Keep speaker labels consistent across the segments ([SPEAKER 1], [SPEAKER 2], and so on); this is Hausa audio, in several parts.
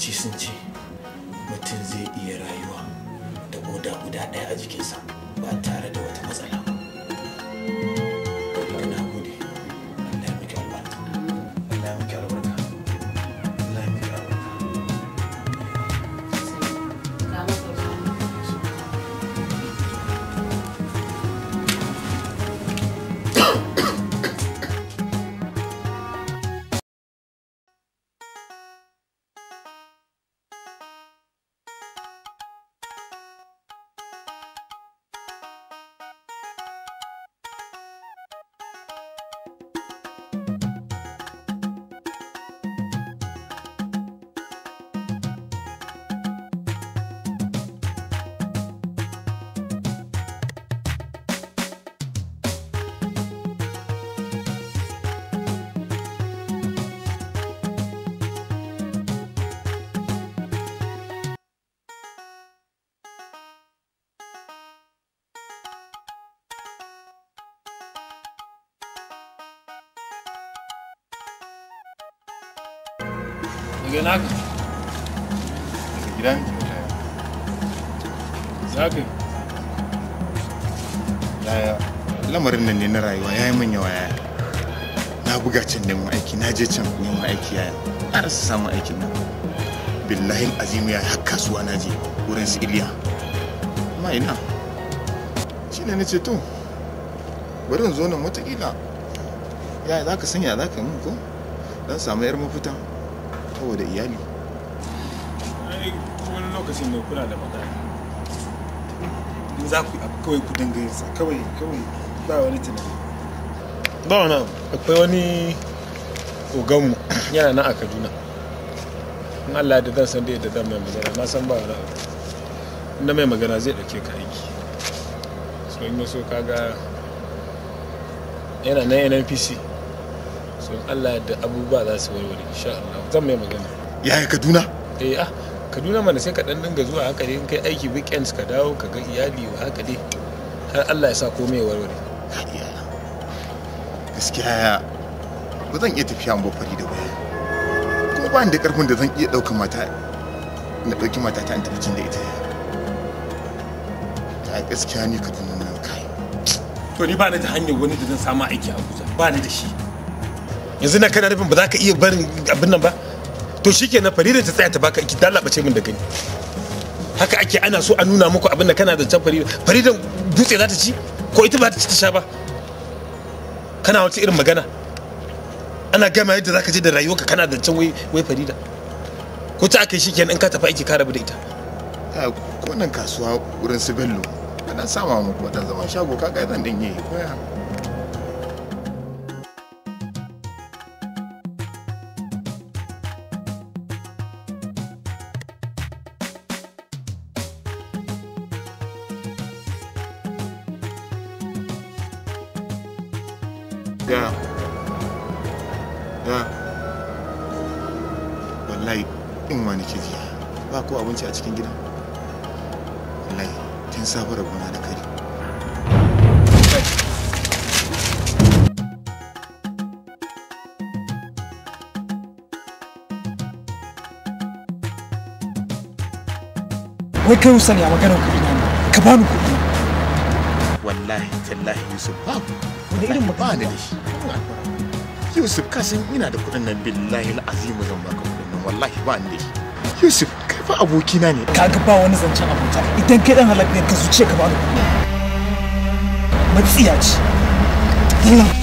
[SPEAKER 1] 计升机。Shiga naka. Daga gidan mutane. Yaya, lamarin nan ne na rayuwa ya yi min yawa Na buga can neman aiki, na je can neman aiki yaya. Na rasa samun aikin nan. Billahi azim ya har kasuwa na je wurin su Iliya. Amma ina. Shi ne na ce to, bari in zo nan watakila. Yaya za ka sanya za ka yi min ko? Don samu 'yar mafita. saboda iyali wani lokacin ne kuna da magana in za ku abu kawai ku dinga yin sa kawai kawai ba wani tunani ba wani akwai wani oganmu yana nan a kaduna in allah da zan san da yadda zan mai magana na san ba wani abu inda mai magana zai ɗauke ka aiki so in yaso kaga yana na nnpc so Allah da abubuwa za su warware insha Allah zan mai magana yaya Kaduna eh ah Kaduna mana sai ka dan dinga zuwa haka dai kai aiki weekends ka dawo ka ga iyali wa haka dai har Allah ya sa komai ya warware gaskiya ba zan iya tafiya mu fari da waya kuma ba ni da karfin da zan iya daukar mata na ɗauki mata ta an tafi jin da ita ta gaskiya ni Kaduna na kai to ni ba ni da hanyar wani da zan samu aiki a Abuja ba ni da shi yanzu na kana rufin ba za ka iya barin abin nan ba to ke na faridar ta tsaya ta baka iki lalace min da gani haka ake ana so a nuna muku abin da kana can faridar faridar dutse za ta ci ko ita ba ta ci ta sha ba kana wata irin magana ana gama yadda za ka je da rayuwarka kana can wai farida ko ta aka yi shi kenan in ka tafi aiki ka rabu da ita ko nan kasuwa wurin su bello ana sama muku wata zama shago ka ga zan dinge koya kai Hussein ya magana kuɗi ne ka bani kuɗi wallahi tallahi Yusuf ba wani irin magana da shi Yusuf ka san ina da kuɗin nan billahi al'azim zan baka kuɗin nan wallahi ba ni da shi Yusuf kai fa abokina ne kaga ba wani zancen abota idan kai dan halak ne ka zuce ka bani kuɗi matsiya ce Allah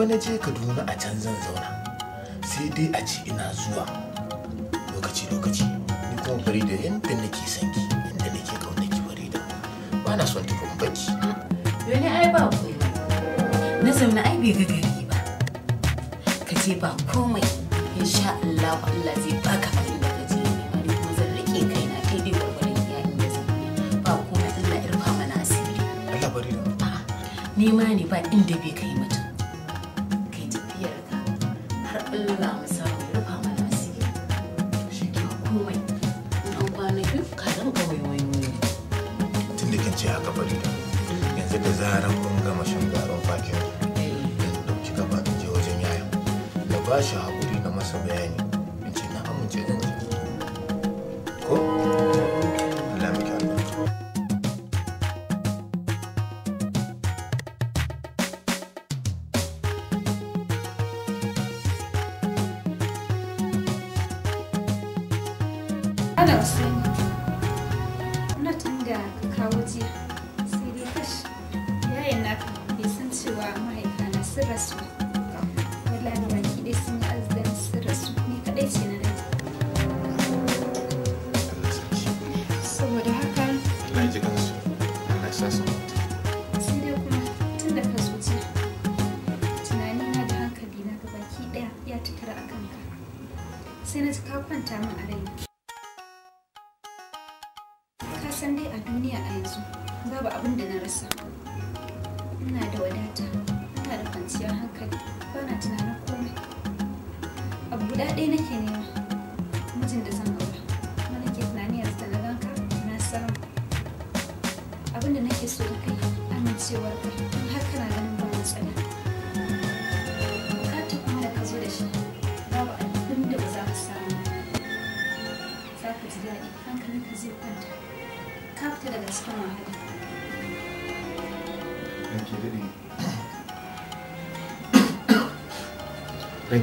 [SPEAKER 1] fa na je kaduna a can zan zauna sai dai a ce ina zuwa lokaci lokaci ni kuma da yadda nake son ki inda nake kauna ki da ba na son tukun baki
[SPEAKER 2] dole ai ba ku na zauna ai bai ga gari ba ka ce ba komai insha Allah Allah zai baka abin zan ba Allah mana asiri bari da ni ma ne ba inda bai kai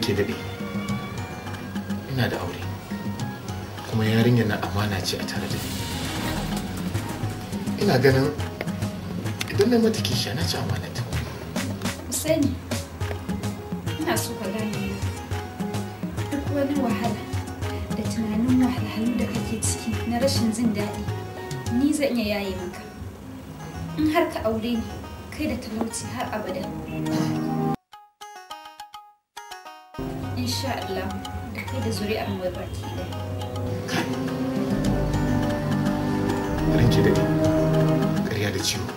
[SPEAKER 1] ranke daɗe ina da aure kuma yarinyar na amana ce a tare da ni ina ganin idan na mata kishiya na ci amana ta
[SPEAKER 3] sani ina so ka gane duk wani wahala da tunanin wahalhalu da kake ciki na rashin jin daɗi ni zan iya yaye maka in har ka aure ni kai da talauci har abada insha Allah da kai da zuri'ar mu baki ɗaya. Kai.
[SPEAKER 1] Ranke da ƙarya da ciwo.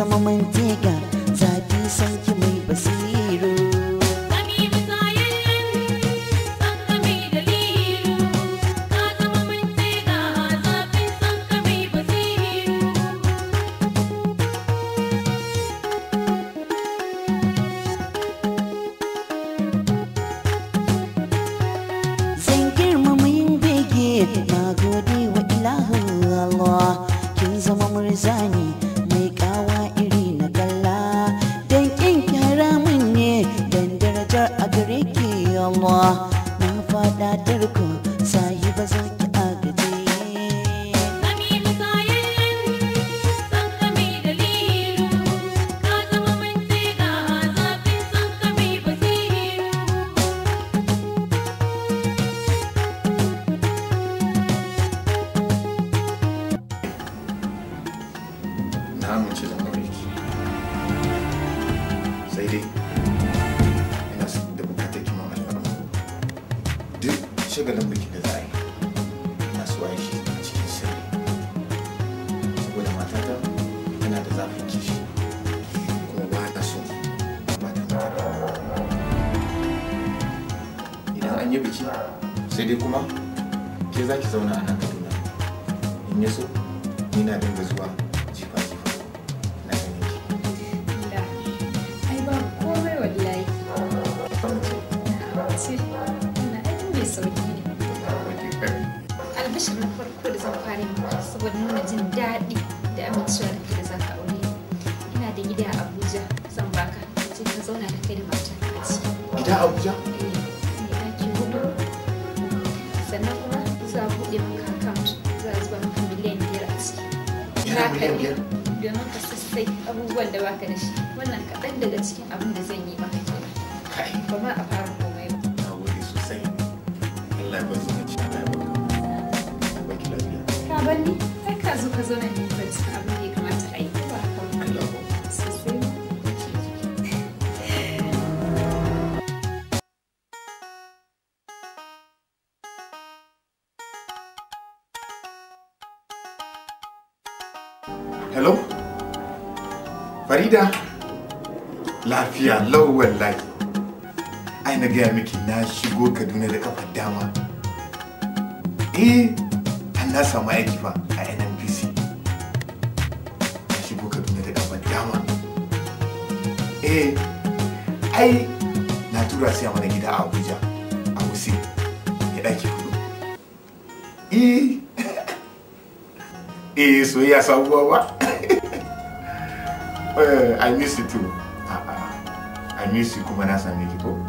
[SPEAKER 4] bisa mementingkan
[SPEAKER 3] buɗe account za a domin ka sassai abubuwan da baka da shi wannan kaɗan daga cikin abin da zan yi maka ba ma a fara komai ba na
[SPEAKER 1] gode sosai Allah ya ba ci Allah ya
[SPEAKER 3] ba ka ba ki lafiya ka ka zo ka zo
[SPEAKER 1] gida lafiya lau wallahi ai na gaya miki na shigo kaduna da kafar dama eh an na samu aiki fa a nnpc na shigo kaduna da kafar dama eh ai na tura siya mana gida a abuja a wuse ya ɗaki kudu eh eh soyayya sabuwa ba Eh, I miss you too. Ah, ah. I miss you, Kumana Samikiko.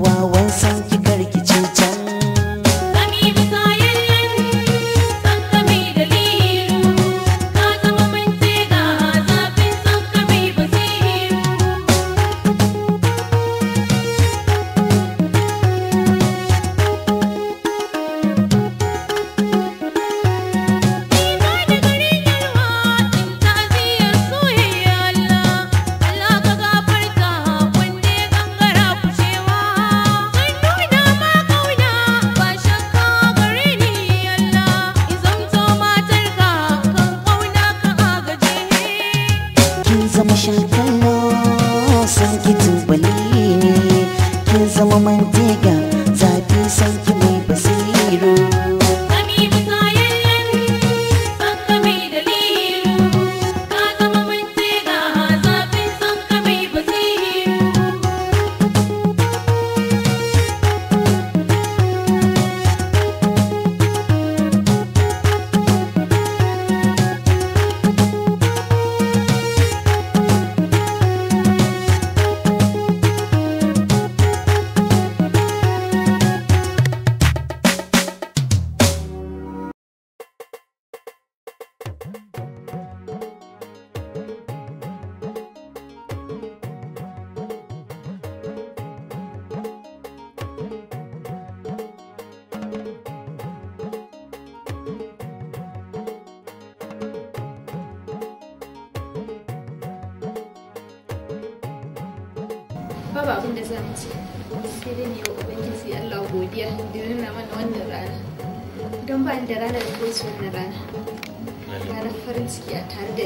[SPEAKER 4] wow, wow.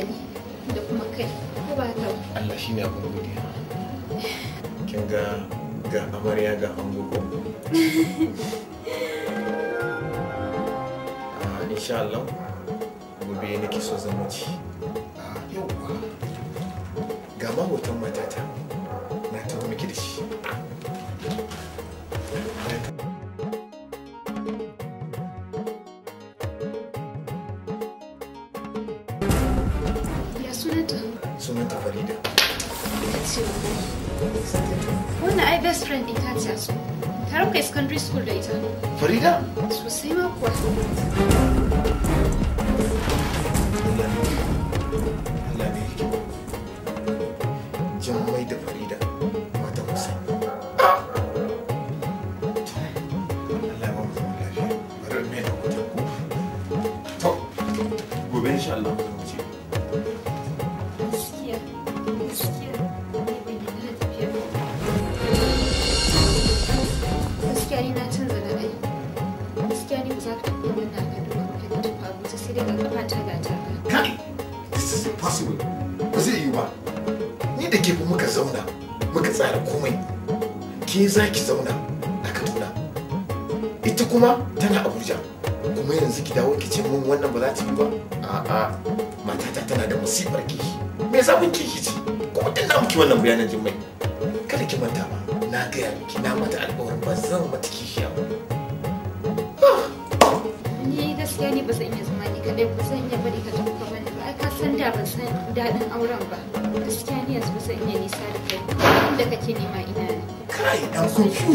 [SPEAKER 3] hankali da kuma
[SPEAKER 1] kai ko ba ta Allah kin ga ga amarya ga ango ko ah, insha Allah gobe nake so zama ah, ci yauwa ga mahotan matata
[SPEAKER 3] country school रहेछ
[SPEAKER 1] zaki zauna a kaduna ita kuma tana abuja kuma yanzu ki dawo ki ce mun wannan ba za ta yi ba a'a matata tana da musibar kishi me za ki kishi ce kuma din na miki wannan bayanan jin mai kada ki manta ba na gaya miki na mata alƙawarin ba zan mata kishiya ba
[SPEAKER 3] ni gaskiya ne ba zan iya zama ni kadai ba zan iya bari ka tafi ka bani ba ka san da ban san daɗin auren ba 最酷！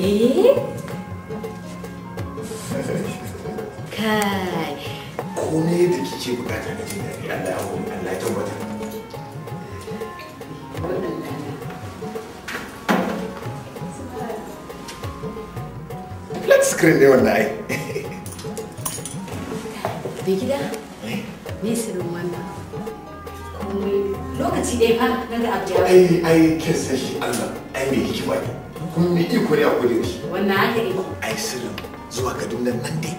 [SPEAKER 2] 에? Eh? kai
[SPEAKER 1] komai da kike bukata na jin daɗi Allah ya wuri Allah ya tabbata flat screen ne wannan ai
[SPEAKER 2] gida eh? me sirrin wannan lokaci ɗaya fa na ya ai
[SPEAKER 1] ai kin san shi Allah ai me kuma mai iko ne a kudi ne wannan
[SPEAKER 2] haka ne ai
[SPEAKER 1] sirrin zuwa kaduna nan dai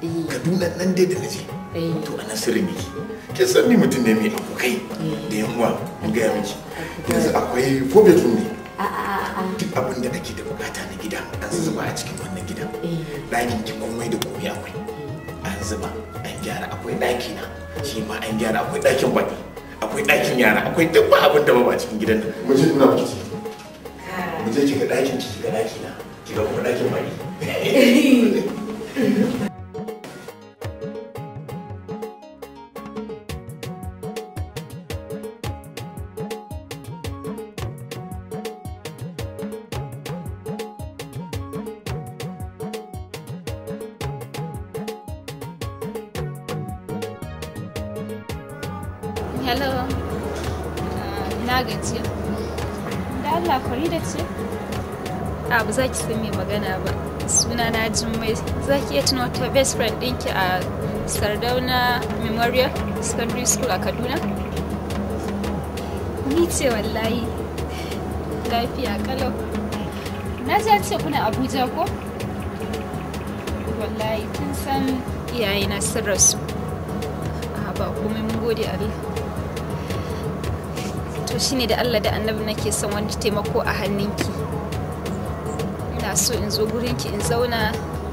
[SPEAKER 1] eh. kaduna nan dai da na je. Eh. to ana sirrin yake ke san ni mutum ne mai abokai da eh. yan uwa in gaya miki yanzu akwai four bedroom ne duk abin da ake da bukata na gida an zuba a cikin wannan gidan ɗakin ki komai da komai akwai an zuba an gyara akwai ɗaki na shi ma an gyara akwai ɗakin baɗi akwai ɗakin yara akwai duk ba abin da ba cikin gidan nan. Mace ina ciki. mu je ki ga ɗakin ga daki na ki ga kuma ɗakin mari
[SPEAKER 3] za ki iya tuna wata best friend ɗinki a sardauna memorial secondary school a kaduna ni ce wallahi lafiya kalau na ji ce kuna abuja ko wallahi tun san iyaye na sirra rasu a ah, ba komai mun gode allah to shine da allah da annabi nake son wani taimako a hannunki ina so in zo gurinki in zauna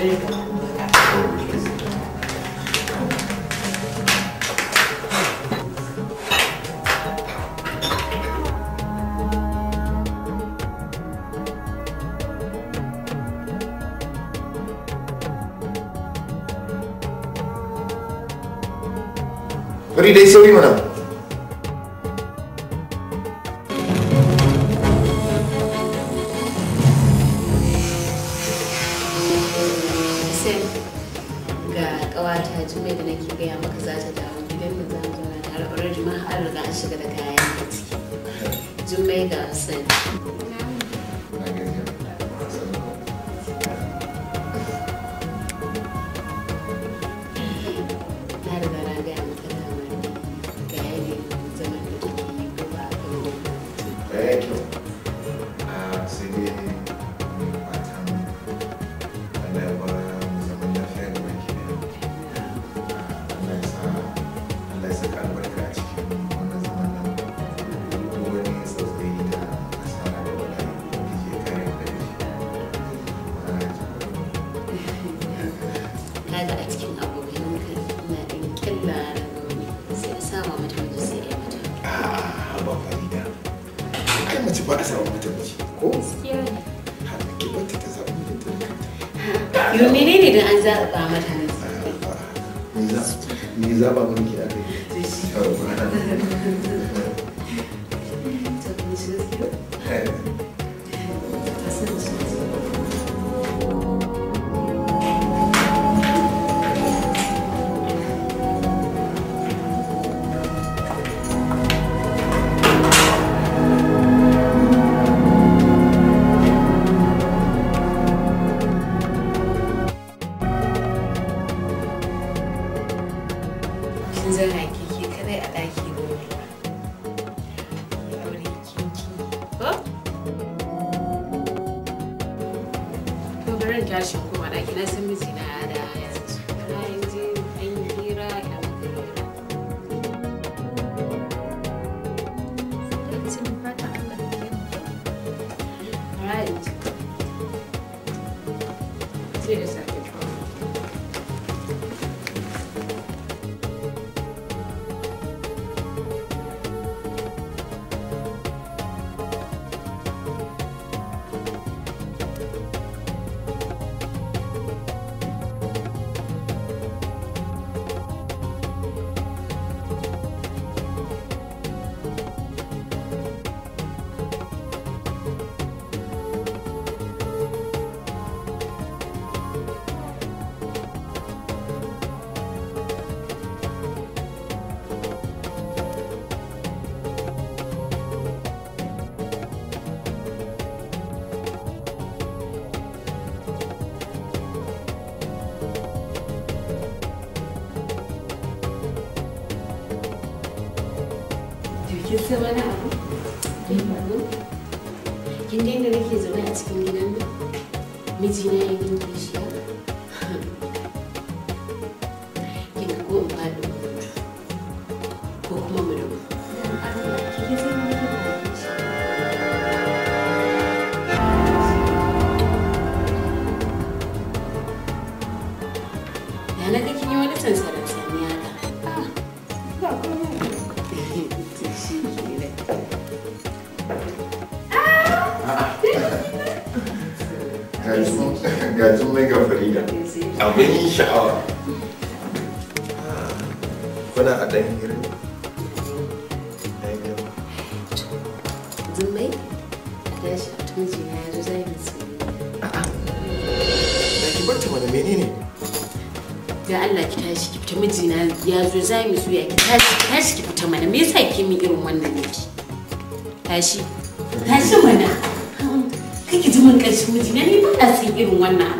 [SPEAKER 2] Very
[SPEAKER 1] day sorry, madam.
[SPEAKER 2] cuisiner suya ki tashi tashi ki fita mana me yasa kike min irin wannan ki tashi tashi mana kake ji mun kashi miji ne ni ba na san irin wannan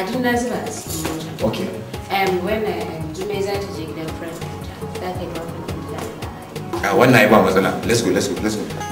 [SPEAKER 2] a duk na zuba okay um when jume eh, za ta je gidan friend ta za
[SPEAKER 1] ah, wannan ai ba matsala let's go let's go let's go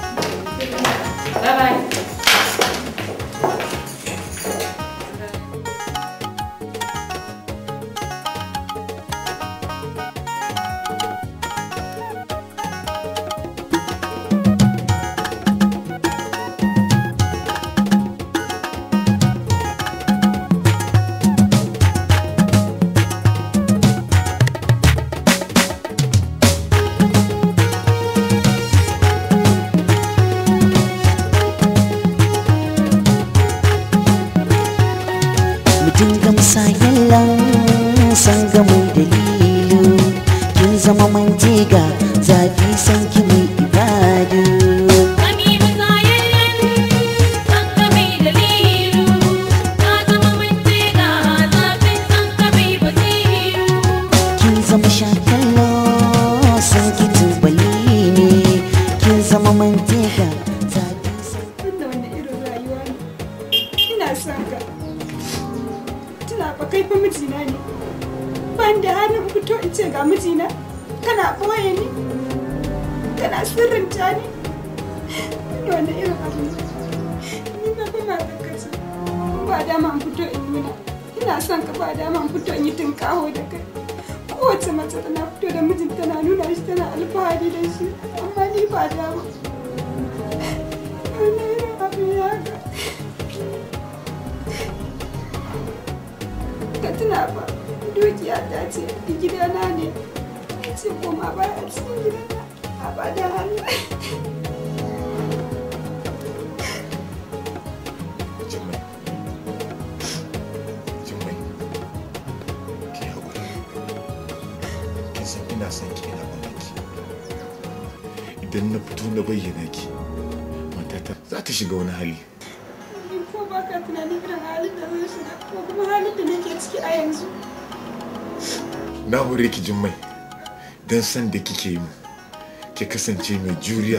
[SPEAKER 1] ke kasance mai juriya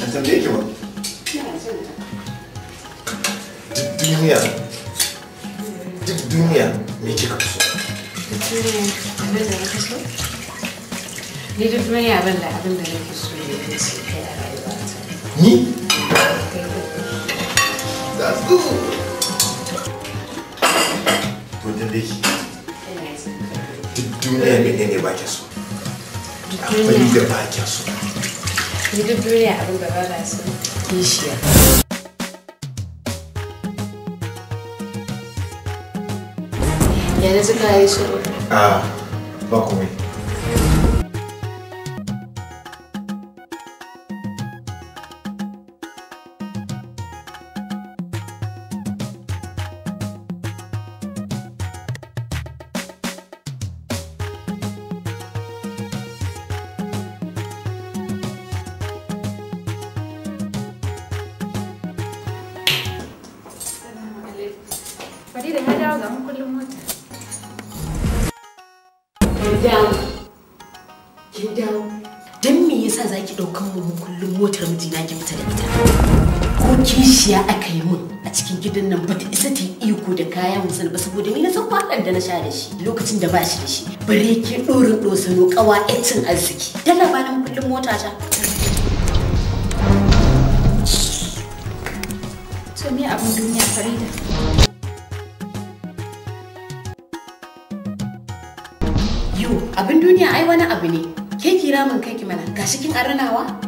[SPEAKER 2] En dan weet je wat. De dunia. De dunia. Weet je kapsel. Niet het mij hebben laten, maar de is Niet? Dat is goed.
[SPEAKER 1] duniya menene ba ke so da ba ke so
[SPEAKER 2] ba so kishiya yanzu ka yi shiru
[SPEAKER 1] a ah, ba komai
[SPEAKER 2] na sha da shi lokacin da ba shi da shi bare ki ɗorin ɗosano ƙawa cin arziki dala ba nan kullum mota ta
[SPEAKER 3] to me abin duniya farida
[SPEAKER 2] yo abin duniya ai wani abu ne ke kira min kai ki mana gashi kin aranawa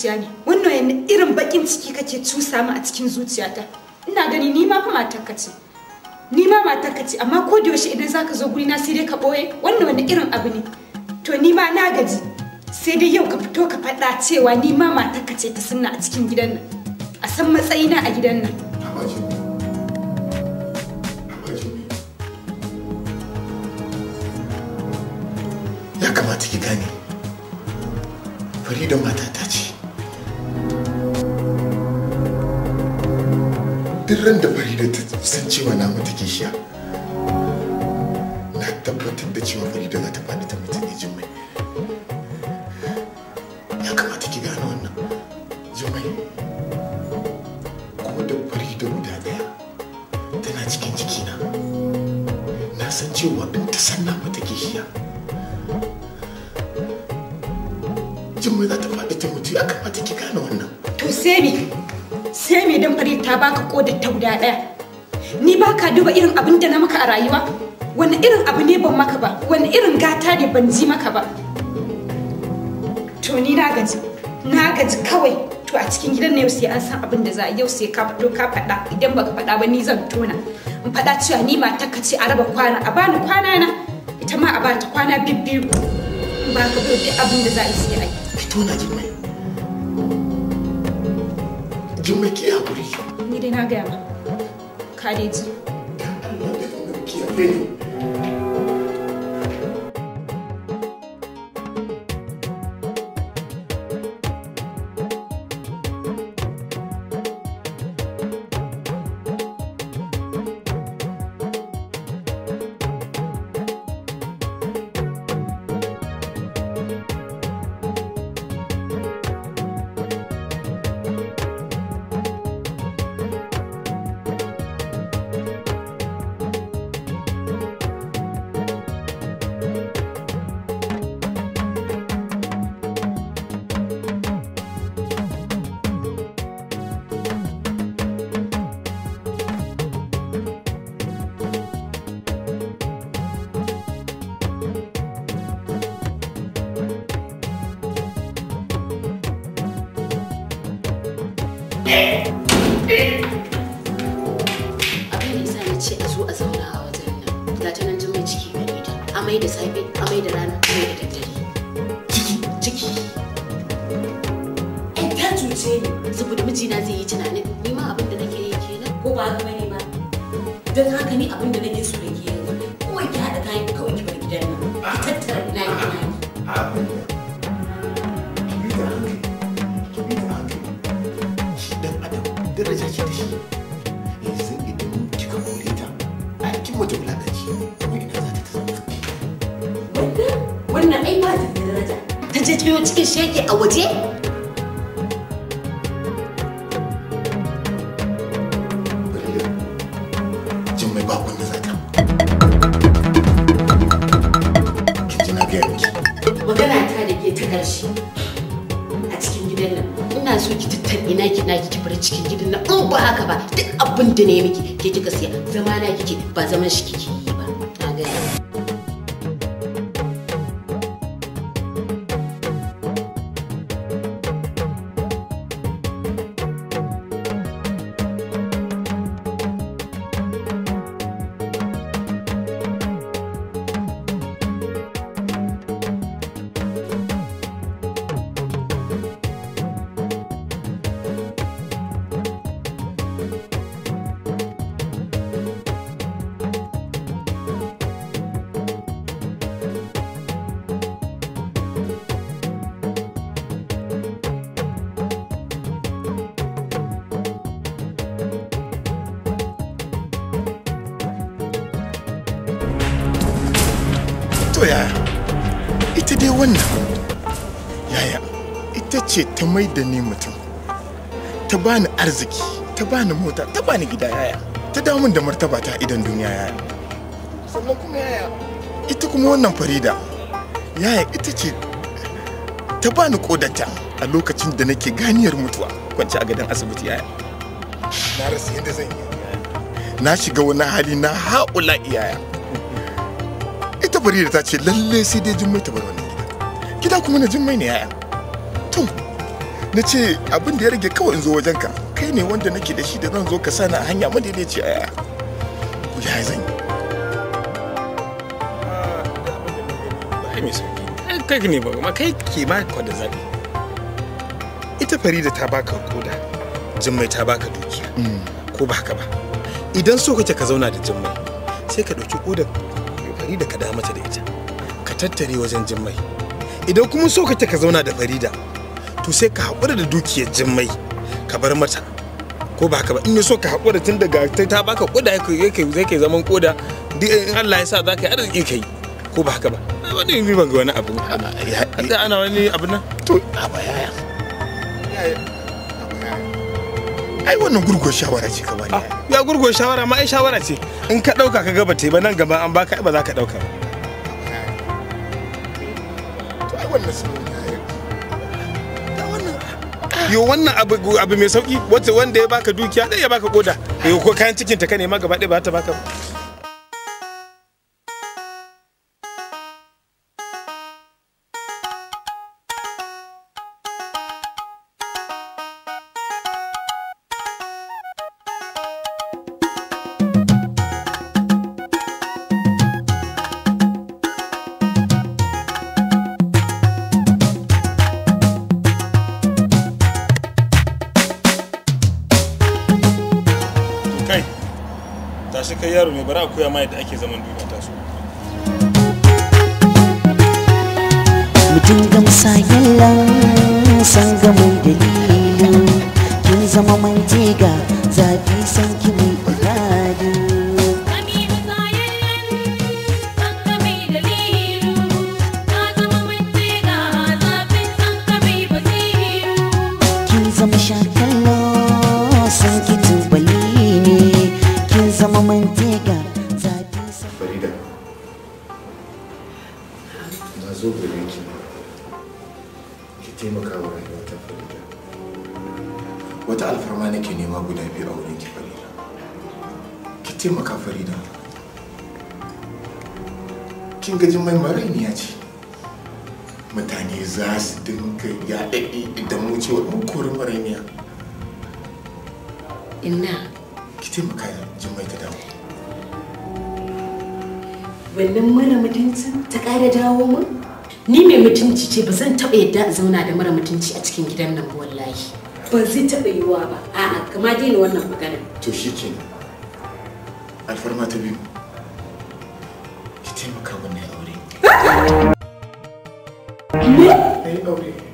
[SPEAKER 3] zuciya ne wannan yana irin bakin ciki kake cusa mu a cikin zuciyata ina gani ni ma kuma matarka ce ni ma matarka ce amma ko da yaushe idan zaka zo guri na sai dai ka boye wannan wani irin abu ne to ni ma na gaji sai dai yau ka fito ka faɗa cewa ni ma matarka ce ta sunna a cikin gidan nan a san matsayina a gidan nan
[SPEAKER 1] ya kamata ki gane Farida matata ce duk ran da farida ta san cewa na mata kishiya na tabbatar da cewa farida za ta faɗi ta mutane jin mai ta baka kodar
[SPEAKER 3] ta guda ɗaya ni baka duba irin abin da na maka a rayuwa wani irin abu ne ban maka ba wani irin gata ne ban ji maka ba to ni na gaji na gaji kawai to a cikin gidan na yau sai an san abin da za a yau sai ka fito ka faɗa idan baka faɗa ba ni zan tona in faɗa cewa ni matar ka ce a raba kwana a bani kwana na ita ma a bata kwana bibbiyu in ba ka duk abin da za a yi sai a yi
[SPEAKER 1] ki tona jima'i jima'i ki hakuri na gaya ma. Kadeji. ce ta mai da ni mutum ta bani arziki ta bani mota ta bani gida yaya ta damun da martaba ta idan duniya yaya sannan kuma yaya ita kuma wannan farida yaya ita ce ta bani kodata a lokacin da nake ganiyar mutuwa kwanci a gadon asibiti yaya na rasa yadda zan yi na shiga wani hali na haƙula iyaya ita farida ta ce lalle sai dai jin ta bar wannan gida gida kuma na mai ne yaya na ce abin da ya rage kawai in zo wajen ka kai ne wanda nake da shi da zan zo ka sani a hanya madaidaici a ya zan yi kai ne ba kuma kai ke ma ka da zabi ita farida ta baka koda jimmai ta baka dukiya mm. ko ba haka ba idan so kake ka zauna da jimmai sai ka ɗauki kodan farida ka da mata da ita ka tattare wajen jimmai idan kuma so kake ka zauna da farida to sai ka haƙura da dukiyar jimmai ka bar mata ko ba ka ba in so ka haƙura tun daga ta ta baka koda yake zai kai zaman koda duk in Allah ya sa za ka yi arziki kai ko ba ka ba wani ni ban ga wani abu da ana wani abu nan to a ba yaya ai wannan gurgo shawara ce ka bari ah, ya gurgo shawara ma ai shawara ce in ka dauka ka gaba ba nan gaba an baka ba za ka dauka ba to ai wannan sunan yo wannan abu mai sauki wanda ya baka dukiya da ya baka koda ko kayan cikin ta kane ma gaba ɗaya ba ta baka ba bara a koya ma yadda ake zaman duniya ta so
[SPEAKER 4] mutum ga musayalla san ga dalilin kin zama jiga zafi san
[SPEAKER 2] ce ba zan taɓa yadda a zauna da mara mutunci a cikin gidan nan wallahi ba zai taɓa yiwuwa ba a'a kama daina wannan magana
[SPEAKER 1] to shi ke alfarma ta biyu ki taimaka wannan aure
[SPEAKER 3] ne aure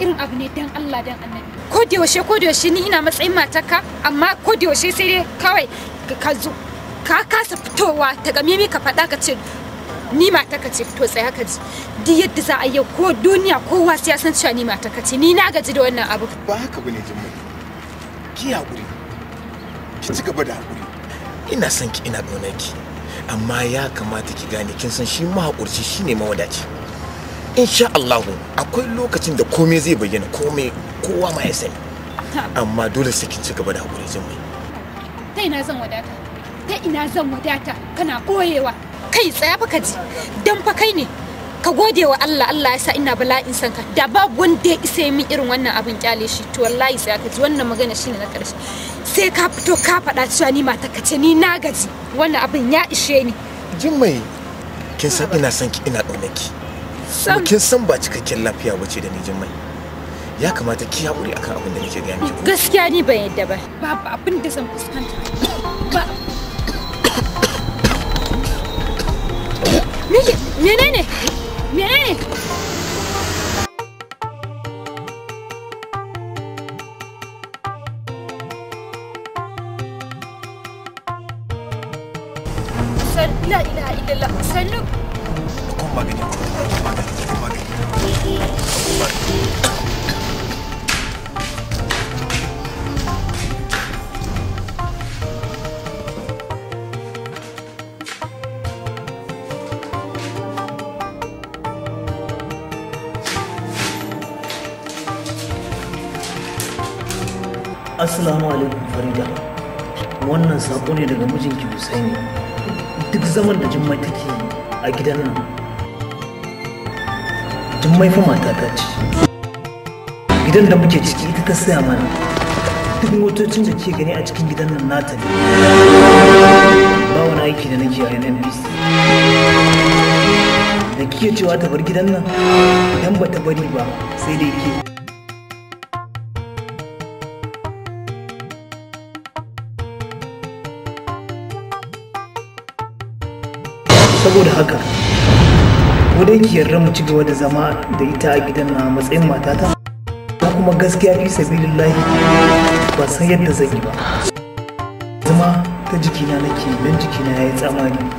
[SPEAKER 3] irin abu ne dan Allah dan annabi ko da yaushe ko da yaushe ni ina matsayin matarka amma ko da yaushe sai dai kawai ka zo ka kasa fitowa ta ga mimi ka faɗa ka ce ni matarka ce to tsaya ka ji duk yadda za a yi ko duniya kowa sai ya san cewa ni matarka ce ni na gaji da
[SPEAKER 1] wannan abu ba haka bane jimmi ki hakuri ki ci gaba da hakuri ina son ki ina ƙaunar ki amma ya kamata ki gane kin san shi mahaƙurci shine mawadaci insha Allah akwai lokacin da komai zai bayyana komai kowa ma ya sani amma dole sai kin ci gaba da hakuri jin mai
[SPEAKER 3] ta ina zan wadata ta ina zan wadata kana koyewa kai tsaya fa ka ji dan fa kai ne ka gode wa Allah Allah ya sa ina bala'in sanka ka da babu wanda ya isa min irin wannan abin kyale shi to wallahi sai ka ji wannan magana shine na karshe sai ka fito ka faɗa cewa ni mata kace ni na gaji wannan abin ya ishe ni
[SPEAKER 1] jin mai kin san ina son ki ina ɗaune ki sam kin san ba cikakken lafiya bace da ni jimmai ya kamata ki haƙuri akan abin da nake gaya miki
[SPEAKER 3] gaskiya ni ban yadda ba ba abin da zan fuskanta
[SPEAKER 2] ba
[SPEAKER 5] menene menene
[SPEAKER 3] La ilaha illallah. Sallu.
[SPEAKER 1] Kun magana. assalamu alaikum farida wannan sako ne daga mijinki husaini duk zaman da jummai take a gidan nan jummai fa matata ce gidan da muke
[SPEAKER 4] ciki ita ta saya mana duk motocin da ke gani a cikin gidan nan nata ne ba wani aiki da nake a yanayin bisi.
[SPEAKER 1] da kiyo cewa ta bar gidan nan idan ba ta bari ba sai dai ke saboda haka ko ki yarda mu ci gaba da zama da ita a gidan na matsayin matata ko kuma gaskiya fi sabilillahi ba san yadda zan yi ba zama ta jikina nake dan jikina ya yi tsamani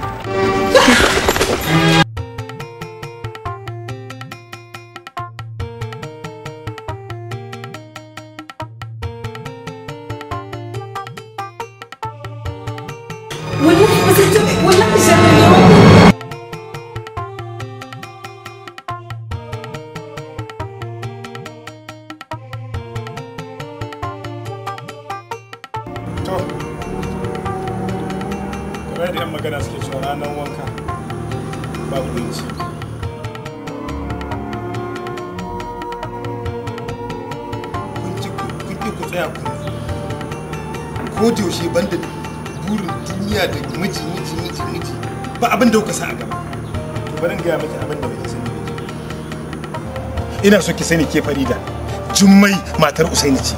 [SPEAKER 1] wanda kuka sa gaba to bari miki abin da baki sani ina so ki sani ke farida jummai matar usaini ce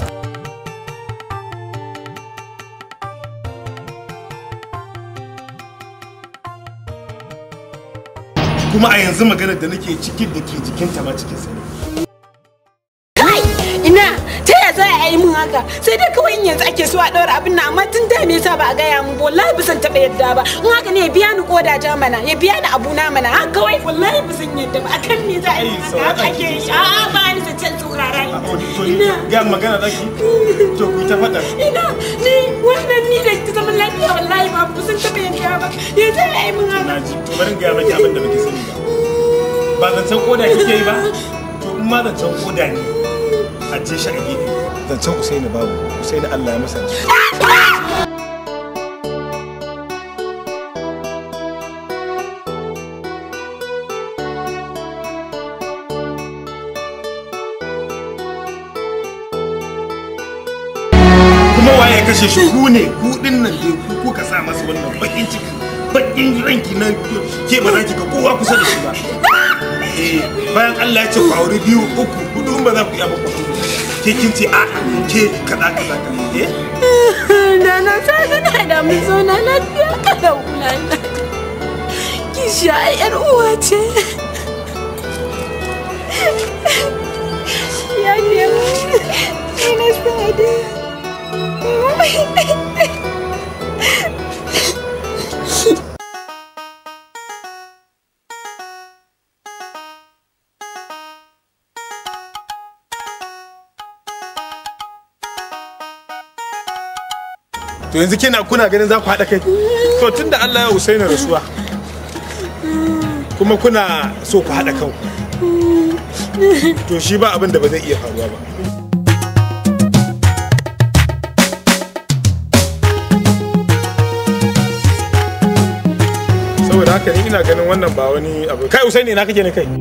[SPEAKER 1] kuma a yanzu maganar da nake cikin da ke jikinta ma cikin sani
[SPEAKER 2] haka sai dai kawai in yanzu ake so a ɗaura abin nan amma tun da me yasa ba a gaya mu ba wallahi bisan san taɓa yadda ba in haka ne ya biya ni koda ja mana ya biya ni abu na mana haka kawai wallahi
[SPEAKER 1] bisan yadda ba akan me za a yi haka
[SPEAKER 2] ake yi a ba ni ta can tsorara
[SPEAKER 1] ina ga magana da ki to ku ta fada ina ni wannan ni da ta zaman lafiya wallahi ba ba san taɓa yadda ba ya za a yi mun haka na ji to bari in gaya maki abin da muke sani ba ba zancen koda kike yi ba to in ma zancen koda ne a ce shi a gefe zancen usaini babu usaini allah ya masa kuma waye kashe shi ku ne ku din nan dai ku kuka sa masa wannan bakin ciki bakin ranki na ke ba za ki ga kowa kusa da shi ba eh bayan Allah ya ce ku aure biyu uku hudu ba za ku iya ba ke kin ce a ke kaza kaza kaza eh
[SPEAKER 2] nana ta kana da mu zo na lafiya ka da ulana ki sha yar uwa ce ya ne
[SPEAKER 3] ina sa da
[SPEAKER 1] to yanzu kina kuna ganin za ku haɗa kai to da Allah ya Usaina rasuwa kuma kuna so ku haɗa kanku to shi ba abin da ba zai iya faruwa ba saboda haka ni ina ganin wannan ba wani abu kai Usaini na kake ne kai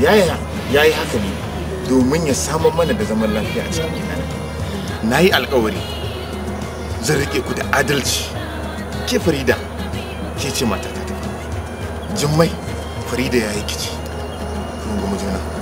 [SPEAKER 1] yaya ya yi haka ne domin ya samar mana da zaman lafiya a cikin gida na yi alkawari zan rike ku da adalci ke farida ke ce mata ta tafi jimmai farida ya yi kici mun
[SPEAKER 5] juna